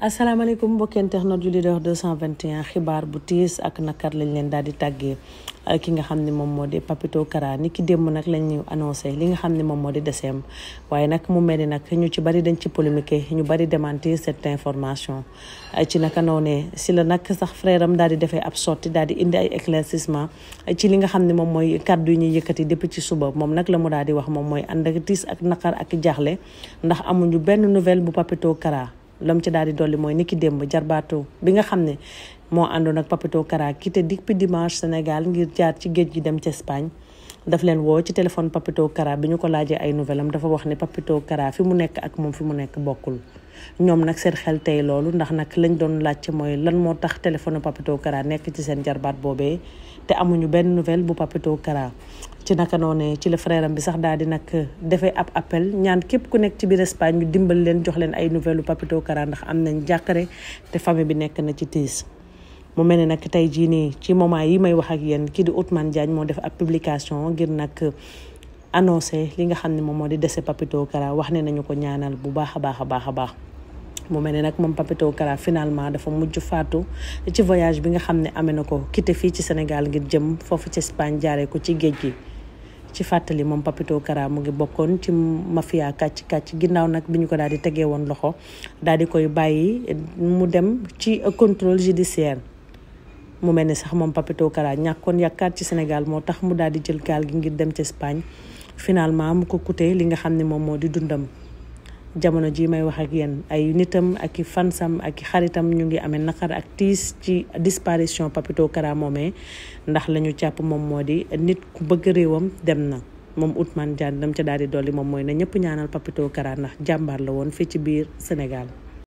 Assalamualaikum mbokki internet yu leader 221 xibaar bu tiis ak nakar lañ leen daal di tàggee ki nga xam ne moom di Papito Kara niki ki nak nag lañ ñu annoncé li nga mu ni ñu ci bari dañ ci polémique ñu bari démentir cette information ci naka noonee si la nag sax frère am daal di defee ab sotti daal di indi ay éclaircissement ci li nga xam ne moom mooy kàddu yi ñuy ci suba moom nag la mu daal wax moom mooy ak ak ak ndax amuñu benn nouvelle bu Papito Kara lam ci daal di dolli mooy niki démb jarbaatoo bi nga xam ne moo àndoon ak Papito Kara quitté depuis dimanche Sénégal ngir jaar ci géej gi dem ci Espagne daf leen woo ci téléphone Papito Kara bi ñu ko laajee ay nouvelle am dafa wax ne Papito Kara fi mu nekk ak moom fi mu nekk bokkul ñoom nag seen xel tey loolu ndax nag lañ doon laajte mooy lan moo tax téléphone Papito Kara nekk ci seen jarbaat boobee te amuñu benn nouvelle bu Papito Kara ci naka noonee ci la frère bi sax daal di nag defee ab appel ñaan képp ku nekk ci biir Espagne ñu dimbal leen jox leen ay nouvelle bu Kara ndax am nañ jàkkare te famille bi nekk na ci tiis. mu mel ne nag tey jii nii ci moment yi may wax ak yéen kii di Ousmane Diagne moo def ak publication ngir nag. annoncé li nga xam ne moom moo di décès Papito Kara wax ne nañu ko ñaanal bu baax a baax a baax a baax mu mel ne nag moom Papito Kara finalement dafa mujj faatu ci voyage bi nga xam ne amee na ko quitté fii ci Sénégal ngir jëm foofu ci Espagne jaaree ko ci géej gi. ci fàttali moom Papito Kara mu ngi bokkoon ci mafia kàcc kàcc ginnaaw nag bi ñu ko daal di tegee woon loxo daal di koy bàyyi mu dem ci contrôle judiciaire. mu mel ni sax moom Papito Kara ñàkkoon yàkkaar ci Sénégal moo tax mu daal di jël gaal gi ngir dem ci Espagne finalement mu ko coûté li nga xam ne moom moo di dundam jamono ji may wax ak yenn ay nitam ak i fansam ak i xaritam ñu ngi amee naqar ak tiis ci disparition Papito Kara moomee ndax lañu càpp moom moo di nit ku bëgg réewam dem na moom Ousmane Diagne dam ca daal di dolli moom mooy ne ñëpp ñaanal Papito Kara ndax jàmbaar la woon fii ci biir Sénégal